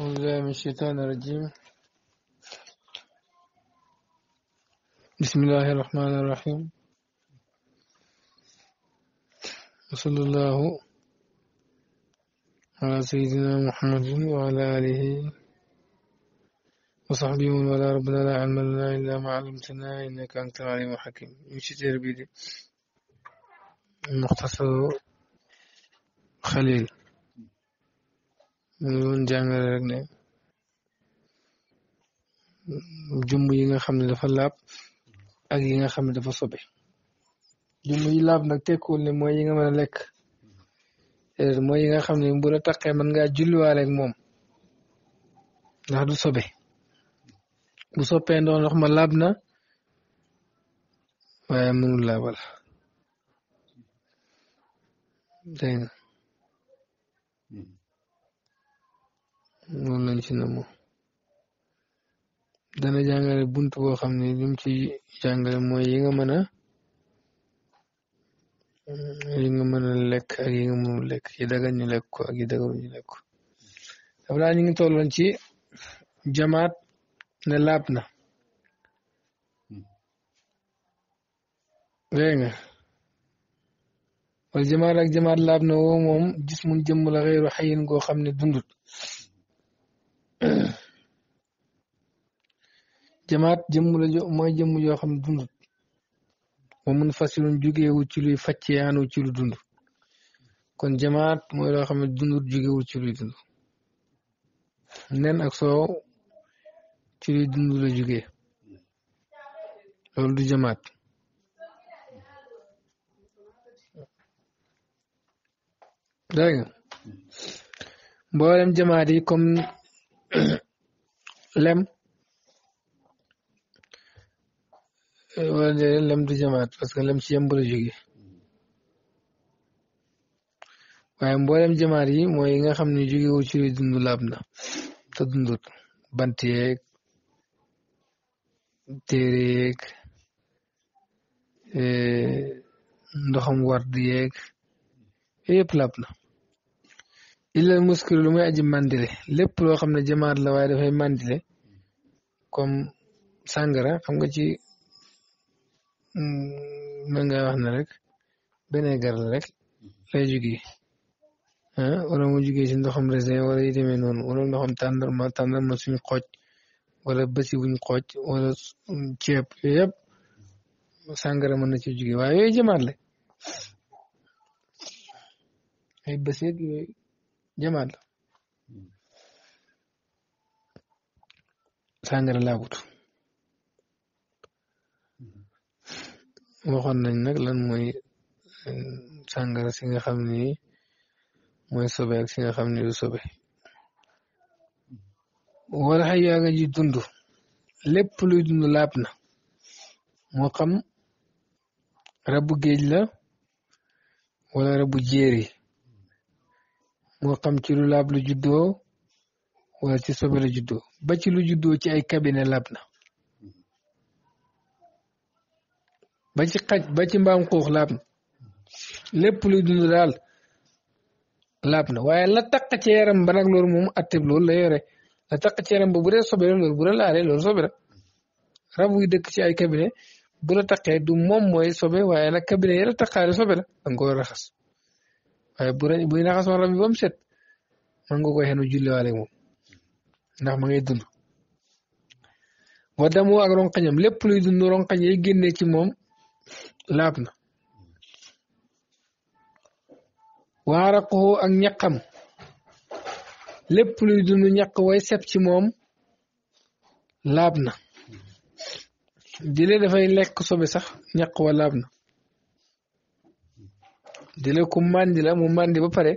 من الشيطان الرجيم بسم الله الرحمن الرحيم وصلى الله على سيدنا محمد وعلى آله وصحبه ولا ربنا لا علم لنا إلا ما علمتنا إنك أنت العليم الحكيم يمشي تربيدي المختصر خليل mu ngi doon jàngale yi nga xam ne dafa laab ak yi nga xam ne dafa sobe jëmm yi laab nag tekkuwul ne mooy yi nga man a lekk mooy yi nga xam ne bu la taqee mën ngaa julliwaale ak moom ndax du sobe bu soppee ndox ndox ma laab na waaye mënul laabal dégg nga loolu lañ ci namu dana jàngale bunt boo xam ne lim ci jàngale mooy yi nga mën a yi nga mën a lekk ak yi nga mënul lekk yi dagan ñu lekk ko ak yi dagan ñu lekk ko dafa daal ñu ngi tolloon ci jamaat ne laab na dégg nga wala jamaat ak jamaat laab na woo moom gis mun jëmm la xëyru xayin goo xam ne dundut jamaat jëm la jo mooy jëmm joo xam ne dundut wa mun fasilun jugeewul ci luy faccee anu ci lu dund kon jamaat mooy loo xam ne dundut jugeewul ci luy dund nen ak soow ci luy dund la du jamaat dégg nga jamaat yi comme lem wala déedéet lem du jamaat parce que lem ci yem ba waaye mboolem jamaat yi mooy nga xam ne jógewul ci luy dund laab na te dundut bant yeeg téere yeeg eh, ndoxam ward yeeg yëpp laab na illal muskil lu muy aji mandile lépp loo xam ne jamaat la waaye dafay mandile comme sàngara xam nga ci Mm, mën ngaa wax ne rek beneen la rek lay mhm. jugee ah mu jugee si ndoxam raisin wala yi demee noonu wala ndoxam tàndarma tàndarma suñ xooj wala bési buñ xooj wala ceeb yooyu yëpp sàngara mën na ci jugee waaye yooyu jamaat la ay bés yeeg yooyu jamaat waxoon nañ nag lan mooy euh, sàngara si nga xam ni mooy sobe ak si nga xam ni du sobe wala xay yaa nga ji dund lépp luy dund laab na moo xam rabu géej la wala rabu jéeri moo xam ci lu laab lu juddoo wala ci sobe la juddoo ba ci lu juddoo ci ay kabine laab na ba ci xaj ba ci mbaam xuux laab na lépp luy dund daal laab na waaye la taq ci yaram ba nag loolu moom atteb loolu la yore la taq ci yaram ba bu dee sobe la loolu bu la laalee loolu sobe la rab yu dëkk ci ay kabine bu la taqee du moom mooy sobe waaye nag kabine yi la taqaale sobe la da nga koy raxas waaye bu bu ñu raxasoo rab yi ba mu set man nga koy xenu julliwaale moom ndax ma ngay dund wa damu ak ronqañam lépp luy dund ronqañ yi ci moom laab na waaraqoo ak ñaqam lépp luy dund ñaq way seb ci moom laab na dile dafay lekk sobe sax ñaq wa laab na dile ku màndi la mu màndi ba pare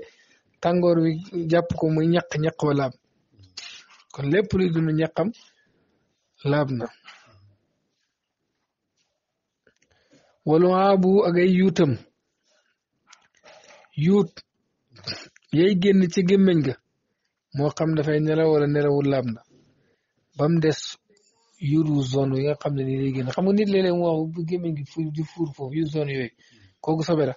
tàngoor wi jàpp ko muy ñaq ñaq wa laab kon lépp luy dund ñaqam laab na wala waabu ak ay yuutam yuut yay génn ci gémmiñ ga moo xam dafay nelaw wala nelawul laab na ba des yuru zone yi nga xam ne nii lay génn xam nga nit léeg-léeg bu gémmiñ gi fu di fuur foofu yuru zone yooyu kooku sobe la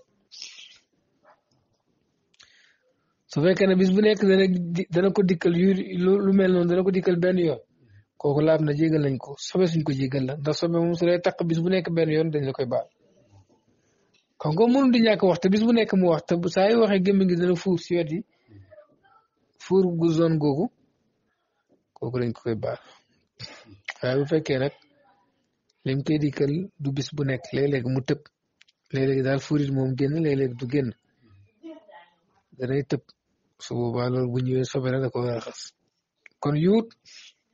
su fekkee ne bis bu nekk dana dana ko dikkal yu lu mel noonu dana ko dikkal benn yoon kooku laab na jégal nañ ko sobe suñ ko jégal la ndax sobe moom su lay taq bis bu nekk benn yoon dañ la koy baal kon ko mënul di ñàkk wax te bis bu nekk mu wax ta saa yu waxee gémmiñ gi dana fuur si wet yi gu zone googu kooku dañ ko koy baal waaye bu fekkee nag lim koy dikkal du bis bu nekk léeg-léeg mu tëb léeg-léeg daal fuurit moom génn léeg-léeg du génn danay tëb su boobaa loolu bu ñëwee sobe la da ko kon yuut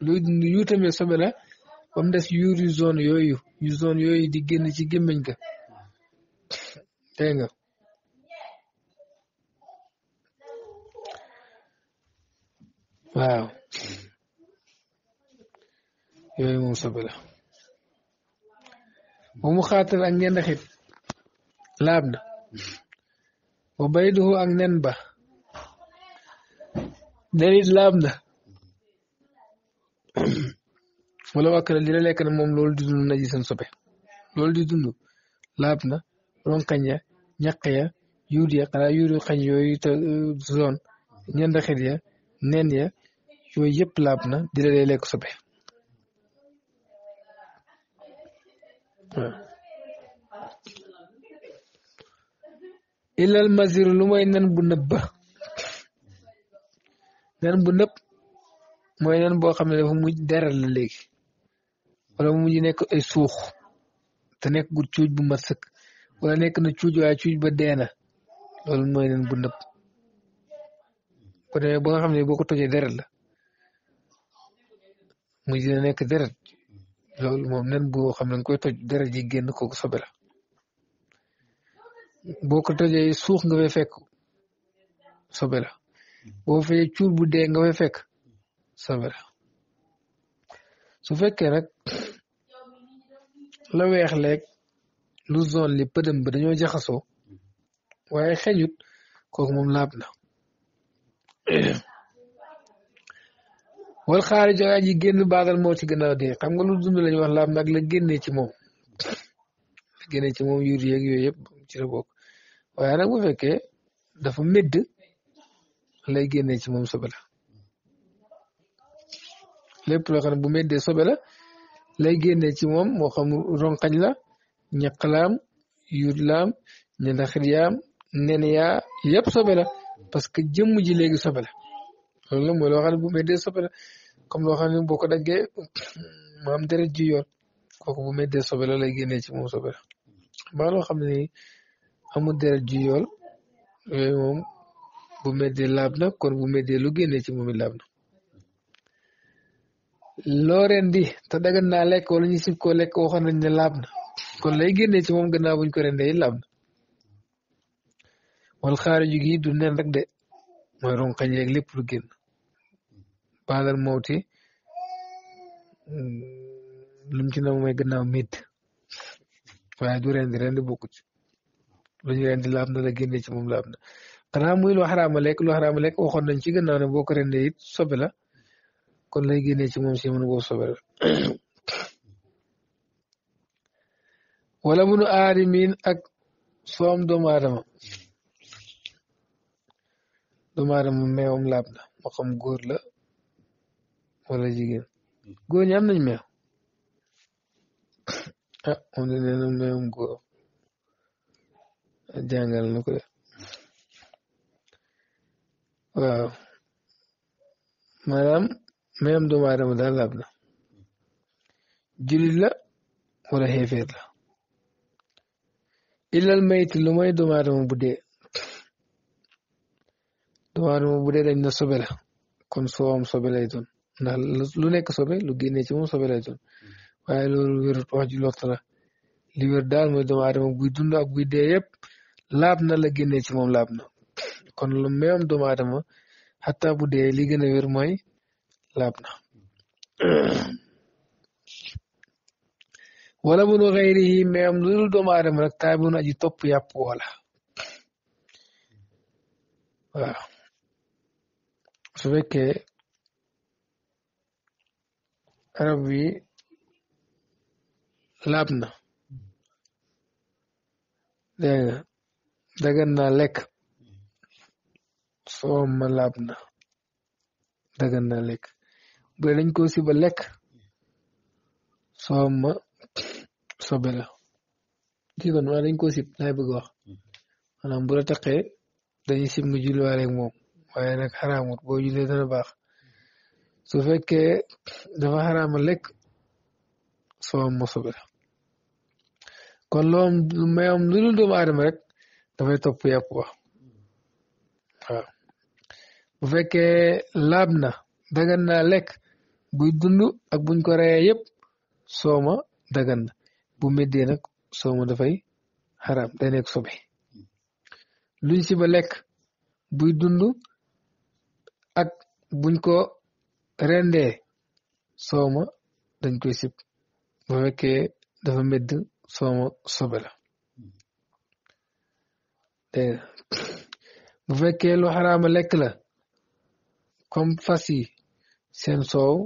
luy dund yuutamee sobe des yuur yu zone yooyu yu yooyu di génn ci gémmiñ ga Dégg nga waaw yooyu moom sobe la ba mu xaatal ak ngeen xit laab na ba bayduhu ba derit laab wala wàkk la li la lekk moom loolu di dund na ji sobe loolu di dund laab na ronkañ ñaq ya yuud ya xanaa yuudu xañ yooyu te euh, zone ñen ya nen ya yooyu yëpp laab na di la day lekk sobe ilal masir lu mooy nen bu nëb ba nen bu nëb mooy nen boo xam ne dafa mujj deret la léegi wala mu mujj nekk ay suux te nekk gut cuuj bu ma sëkk wala nekk na cuuj waaye cuuj ba dee na loolu mooy nen bu nëpp bu ba nga xam ne boo ko tojee deret la muy dina nekk deret loolu moom nen boo xam ne koy toj deret ji génn kooku sobela la boo ko tojee suux nga fay fekk sobe la fee cuur bu dee nga fay fekk sobe su fekkee rek la weex leeg lu zone li pëdëm ba dañoo jaxasoo waaye xeñut kooku moom laab na wal xaari jogaa ji génn baadal moo ci gën a dee xam nga lu dund lañu wax laab nag la génnee ci moom la génnee ci moom yuur yeeg yooyu yëpp ci la bokk waaye nag bu fekkee dafa médd lay génnee ci moom sobe la lépp loo xam ne bu méddee sobe la lay génnee ci moom moo xam ronqañ la ñaqlaam yuutlaam ñadaxriyaam nen yaa yëpp parce que jëmm ji léegi sobe la loolu la mooy bu meddee sobe la comme loo xam ne boo ko daggee mu deret ju yoon bu meddee sobe la lay génnee ci moom xam ne amul deret ju yool yooyu moom bu meddee laab na kon bu meddee lu ci moom laab na loo di te dagan naa lekk wala ñu sib koo lekk waxoon nañ ne laab na kon lay génne ci moom gannaaw buñ ko rendee laab na wal xaariju gi du nen rek de mooy ronkañ lépp lu génn baadal mawti mm, lu mu ci na mooy gannaaw mit waaye du rendi rendi bokkut lu ñu rendi laab na la génnee ci moom laab na xanaa muy lu xaraama lekk lu xaraama lekk waxoon nañ ci gannaaw ne boo ko rendee it la kon lay génne ci moom si mën boobu wala munu aadamiin ak soom doomu aadama doomu aadama meewam laab na moo xam góor la wala jigéen góor ñi am ah, na meewam góor jàngal na ko de waaw maanaam meewam doomu aadama daal laab na jullit la wala xeefeer la illal mayit lu may doomu aadama bu dee doomu aadama bu dee dañ na sobe kon soowam sobe lay doon lu nekk sobe lu génnee ci moom sobe lay doon waaye loolu wérut wax ji lott daal mooy doomu aadama buy dund ak buy dee laab na la génnee ci laab na kon lu meewam doomu adama xataa bu dee li gën wér mooy laab na wala bu nu xëyrihi mais am lu dul doomu aadama rek taay bu nu aji topp yàpp wala waaw su fekkee rab bi laab na dégg nga dagan naa lekk soo ma laab na dagan naa lekk bu dañ ko si ba lekk soo ma sobe la ci dañ koo sib laay bëgg wax mhm. maanaam bu la taqee dañuy sib mu julliwaale ak moom waaye nag xaraamut boo jullee dana baax su fekkee dafa xaraama lekk soom mo sobe kon loom mayom lu dul doomu rek dafay topp yàpp ba bu fekkee laab na dagan naa lekk buy dund ak buñ ko reyee yëpp sooma dagan bu méddee nag soo ma dafay xaraam day nekk sobe luñ si ba lekk buy dund ak buñ ko rendee soo ma dañ koy sib bu fekkee dafa medd soo ma sobe la dégg bu fekkee lu xaraama lekk la comme fas yi seen soow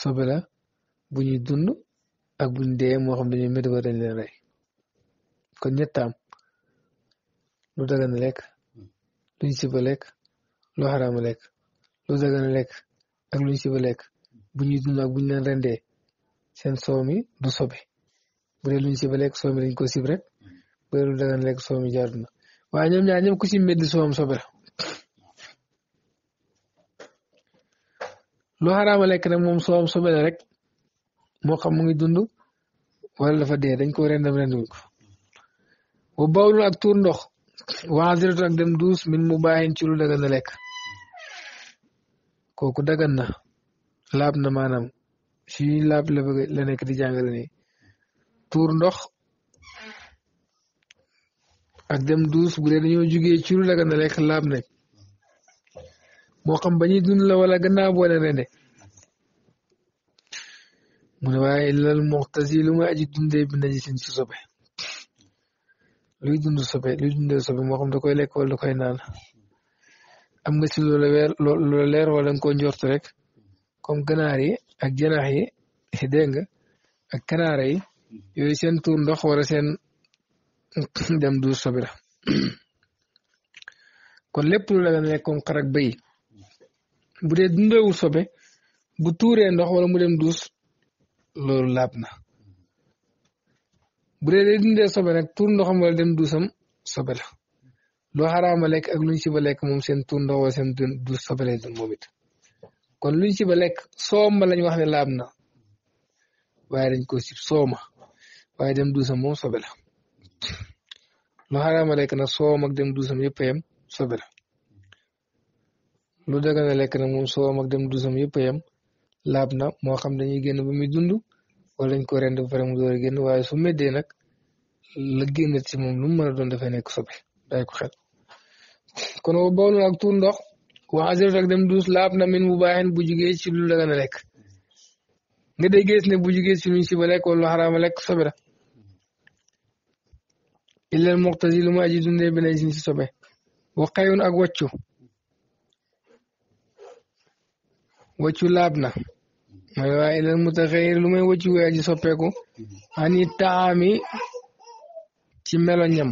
sobe la bu dund ak buñ dee moo xam dañoo météo dañ leen rey kon ñettaam lu dagan lekk luñ siba lekk lu xaraama lekk lu dagan lekk ak luñ siba lekk bu ñuy ak buñ leen rendee seen soow mi du sobe bu dee luñ siba lekk soow dañ ko sib rek bu lu dagan lekk soow mi jaadu na waaye ñoom ñaar ñoom ku lu xaraama lekk nag moom soowam sobe la rek moo xam mu ngi dund wala lafa dee dañ ko rendam renduñ ko wa bawlu ak tuur ndox waasiratu ak dem duus min mu baaxin ci lu dagan na lekk kooku dagan na laab na maanam si laab la bëgg la nekk di jàngale ni tuur ndox ak dem duus bu dee dañoo juge ci lu dagan na lekk laab nañ moo xam ba ñuy dund la wala gannaaw boo leen rende mu ne waaye illal muxtasi lu muy aji dundee bi najisin su sobe luy dund sobe luy dundee sobe moo xam da koy lekk wala da koy naan am nga si loola leer wala nga koo njort rek comme ganaar yi ak janax yi dégg nga ak kanaara yi yooyu seen tuur ndox wala seen dem du sobe la kon lépp lu dagan nekk comme xar ak bu dee dundewul sobe bu tuuree ndox wala mu dem duus loolu laab na bu dee day dundee sobe nag tuur ndoxam wala dem duusam sobe la lu xaraama lekk ak luñ ci ba lekk moom seen tuur ndox wala seen duus sobe lay doon moom it kon luñ ci ba lekk sooma lañ wax ne laab na waaye dañ ko sib sooma waaye dem dusam moom sobe la lu xaraama lekk nag soom ak dem duusam yëpp yem sobe la lu dagan a lekk nag moom soom ak dem duusam yëpp yem laab na moo xam dañuy génn ba muy dund wala ko rend ba pare mu door a génn waaye su meddee nag la génn ci moom lu mu a doon dafay nekk sobe bàyyi ko xel kon wa boolu ak tuur ndox waa asirot ak dem duus laab na min mu baaxen bu jugee ci lu la gën a lekk nga day gis ne bu jugee ci luñ si ba lekk wala lu xaraama lekk sobe la illal muqtasi lu ma aji dundee beneen si sobe wa xayun ak waccu waccu laab na waaye waaye ilal mutaxayir lu may wëcci aji soppeeku mm-hmm. ani taami ci melo ñam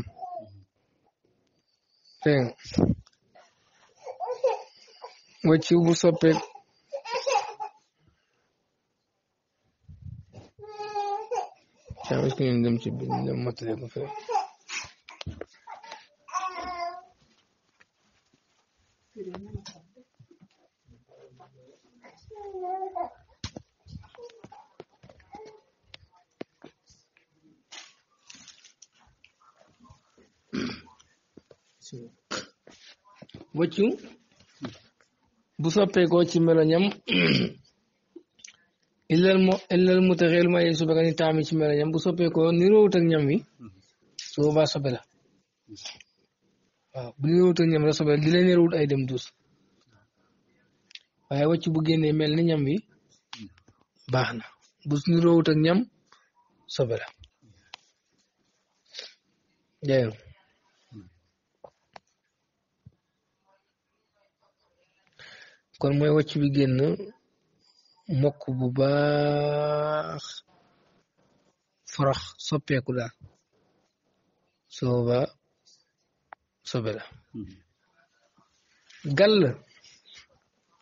dégg nga wëcci bu soppeeku caa est-ce que ñu dem ci biir wëccu bu soppeekoo ci meloñam illal mu illal mu taxeel ma yeesu ba ni taami ci meloñam bu soppeekoo niroowut ak ñam wi su boobaa sobe la waaw ñam la sobe la di la niroowut ay dem duus waaye wëccu bu génnee mel ñam wi baax na bu niroowut ñam sobe la kon mooy wàcc bi génn mokk bu baax forox soppeeku daal sooba sobe la hmm. gàll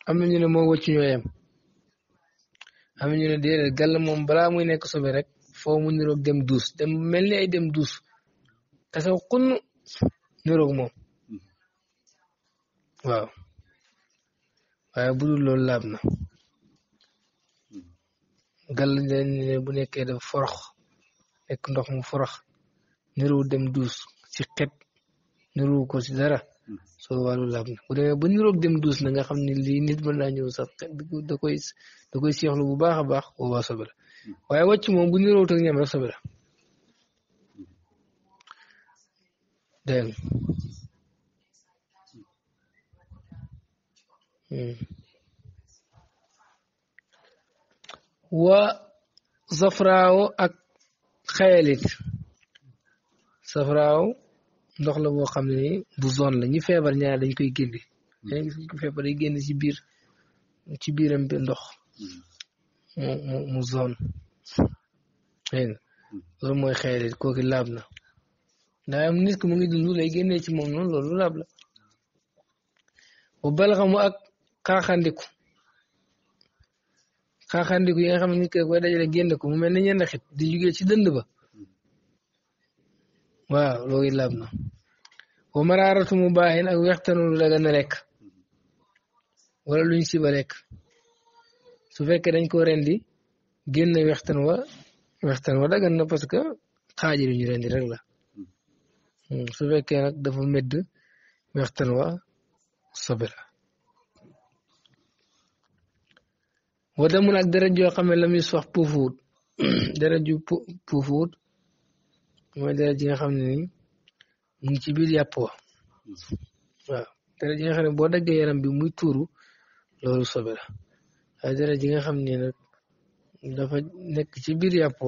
am na ñu ne moo ñooyam am na ñu ne déedéet gàll moom balaa muy nekk sobe rek foo mu niroog dem duus dem mel ni ay dem duus tasaw xunn niroog moom hmm. waaw waaye bu dul loolu laab na gàll ne bu nekkee dafa forox nekk ndox mu forox niruwu dem duus ci xet niruwu ko ci dara soo wàllu laab na bu demee ba niroog dem duus na nga xam ne lii nit mën naa ñëw sax xet da koy koy seexlu bu baax a baax boobaa sobe waaye wàcc moom bu niroowut ak ñam rek sobe la dégg Hmm. wa safraaw ak xayalit safraaw ndox la boo xam ne bu zone la ñu feebar ñaar dañ koy génne dañ gis ko feebar day génn ci biir ci biiram ndox hmm. mu mu mu zone dégg nga loolu mooy xayalit kooku laab na ndaa am nit ku mu ngi dund lay génnee ci moom noonu ak xaaxandiku xaaxandiku yi nga xam ne nit ki koy mu mel ni ñenn di jugee ci dënd ba waaw loolu laab na wa maraaratu mu baaxin ak wextanu lu dagan wala luñ siba lekk su fekkee dañ ko rendi wa wextan wa dagan parce que xaaji lu rendi rek la hmm. Hmm, su dafa medd wextan wa sobe la wa damun ak deret joo xam ne la muy sox puufuwut deret ju puufuwut mooy nga xam ne ni mu ngi ci biir yàpp wa nga xam ne boo daggee yaram bi muy tuuru loolu sobe la waaye ji nga xam ne nag dafa nekk ci biir yàpp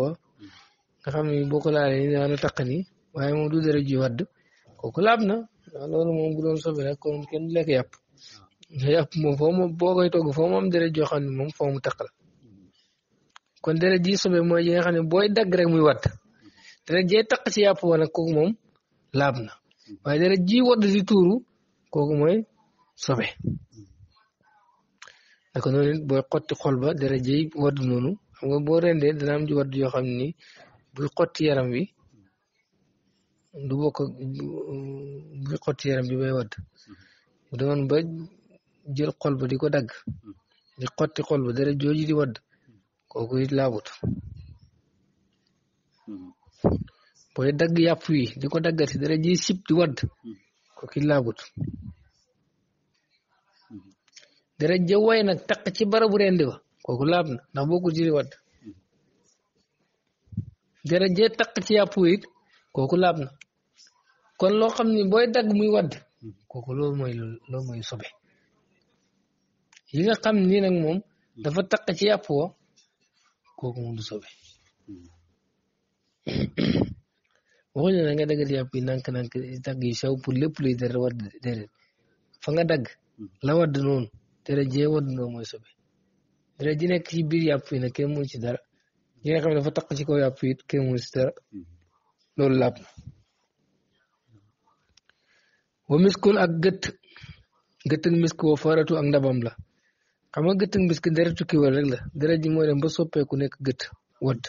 nga xam ne boo ko laalee ni daana ni waaye moom du deret ju wadd kooku na waaw loolu moom bu kon kenn du lekk yàpp moom foo mu boo koy togg foo mu am deret joo xam ne moom foo mu taq la kon deret ji sobe mooy yi nga xam ne booy dagg rek muy wadd deret jee taq ci yàpp wala kooku moom laab na waaye deret ji wadd di tuuru kooku mooy sobe naka noonu xotti xol ba deret ji wadd noonu xam nga boo rendee dana am ji wadd yoo xam ni buy xotti yaram wi du bokk buy xotti yaram bi bay wadd bu doon jël xol ba di ko dagg di xotti xol ba dara jooju di wadd kooku it laabut booy dagg yàpp wi di ko daggati dara ji sib di wadd nag taq ci barabu rendi ba kooku laab na ndax bokkul ci di wadd dara jee taq ci yàpp wi kooku laab kon loo xam ne booy dagg muy wadd kooku loolu mooy loolu yi nga xam ni nag moom hmm. dafa taq ci yàpp wa kooku moom sobe hmm. waxuñu ne nga daggal yàpp yi nan nànk dagg yu sew pour lépp luy dara wadd déedéet fa nga dagg hmm. la wadd noonu dara jee wadd noonu mooy sobe dara ji nekk ci biir yàpp yi nag kenn mënu ci dara yi nga xam ne dafa taq ci kaw yàpp yi kenn ci dara loolu laab na wa miskun ak gët gët ak misk wa faratu ak ndabam la xam nga gëtt mbiski deretu kiwal rek la deret ji mooy dem ba soppeeku nekk gët wadd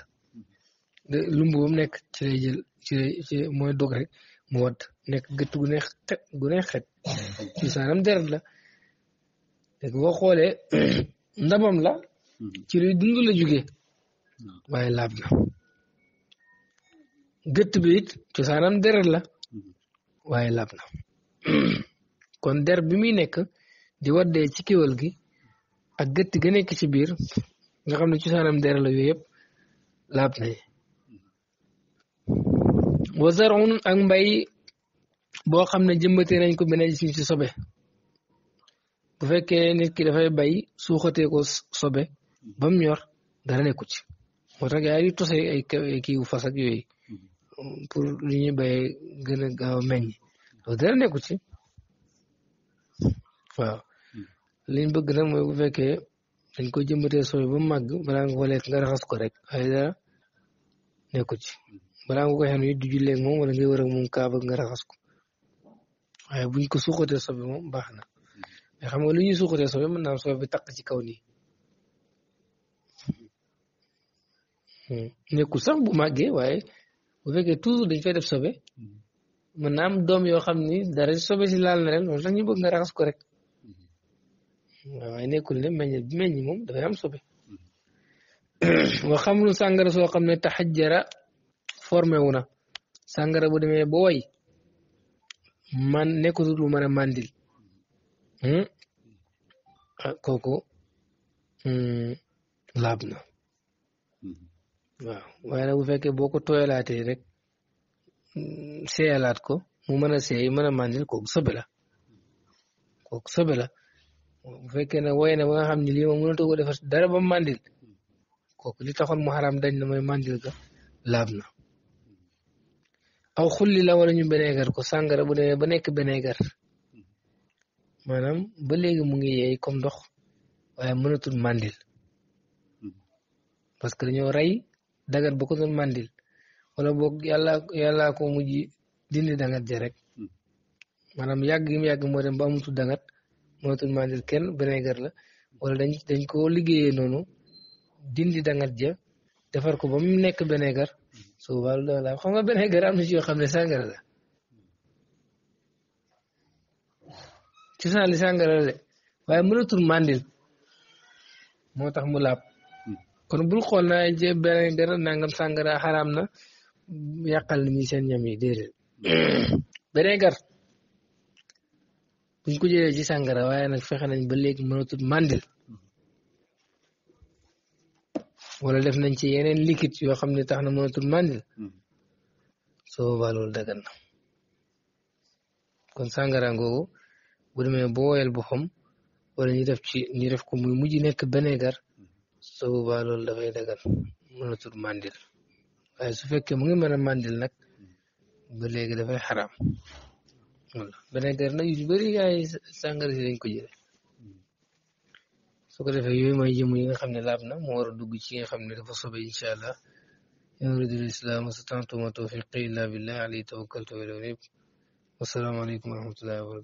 lumb ba nekk ci lay jël dog rek mu wadd nekk gëtt gu neex xet gu deret la léegi boo xoolee ndabam la ci luy dund la jugee waaye laab na bi it cosaanam deret la waaye laab na kon der bi muy nekk di waddee ci kiwal gi ak gëtt ga nekk ci biir nga xam ne cosaanam der la yooyu yëpp laab nañ wa zarun ak mbay boo xam ne jëmbatee nañ ko beneen si ci sobe bu fekkee nit ki dafay bay suuxatee ko sobe ba mu ñor dara nekku ci moo tax yaa ngi tose ay kii wu yooyu pour li ñuy bayee gën a gaaw a meññ dara nekku ci waaw liñ bëgg nag mooy bu fekkee dañ ko jëmbatee sooy ba màgg balaa nga ko lekk nga raxas ko rek waaye dara nekku ci balaa nga ko xen it di jullee moom wala ngay war ak ka kaa bëgg nga raxas ko waaye buñ ko suuxatee sobe moom baax na mais xam nga lu ñuy suuxatee sobe mën naa am sobe bi taq ci kaw nii hmm. nekkul sax bu màggee waaye bu fekkee toujours dañ fay def sobe hmm. mën naa doom yoo xam ni dara sobe si laal na ren loolu tax ñu nga raxas ko rek waaye nekkul ne meññ meññ moom dafay am sobe wa mm-hmm. xamru sàngara soo xam ne taxajjara formé wu na sàngara bu demee ba way man nekkutul lu mën a mandil hmm? ah kooku hmm, laab na mm-hmm. waaw waaye nag bu fekkee boo ko tooyalaatee rek hmm, seeyalaat ko mu mën a seey mën a mandil kooku sobe la kooku sobe la bu fekkee ne woy na ba nga xam ne lii moom mënatoo dara ba mandil kooku li taxoon mu xaraam dañ na mooy mandil ga laab a aw xulli wala ñu beneegar ko sàngara bu demee ba nekk beneegar maanaam ba léegi mu ngi kom comme ndox waaye mënatul mandil parce que dañoo rey dagat ba ko doon mandil wala boog yàlla yàllaa ko mujj dindi dangat ja rek hmm. maanaam yàgg yi mu ba amutul dangat mënatuñ maa jël kenn vinaigre la wala dañ dañ ko liggéeyee noonu dindi dangat ja defar ko ba mu nekk vinaigre su boobaa lu la xam nga vinaigre am na ci yoo xam ne sàngara la ci sa li sàngara la de waaye mënatul màndil moo tax mu laab kon bul xool naa je vinaigre nangam sàngara xaraam na yàqal ni muy seen ñam yi déedéet vinaigre buñ ko jëlee ci sàngara waaye nag fexe nañ ba léegi mënatul màndil wala def nañ ci yeneen liquide yoo xam ne tax na mënatul màndil soo boobaa loolu kon sàngara googu bu demee boo woyal boppam wala ñu def ci ñu def ko muy mujj nekk benegar soo boobaa loolu dafay dagan mënatul màndil waaye su fekkee mu ngi mën a màndil nag ba léegi dafay xaraam voilà Bénéker nag yu bëri yaay sàngara si dañ ko jële su ko defee yooyu mooy jëmm yi nga xam ne laab na moo war a dugg ci nga xam ne dafa sobe incha allah in uridul islaam astata'tu ma tawfiqi illa billah alayhi tawakkaltu wa ilayhi unib wassalaamu aleykum wa rahmatullahi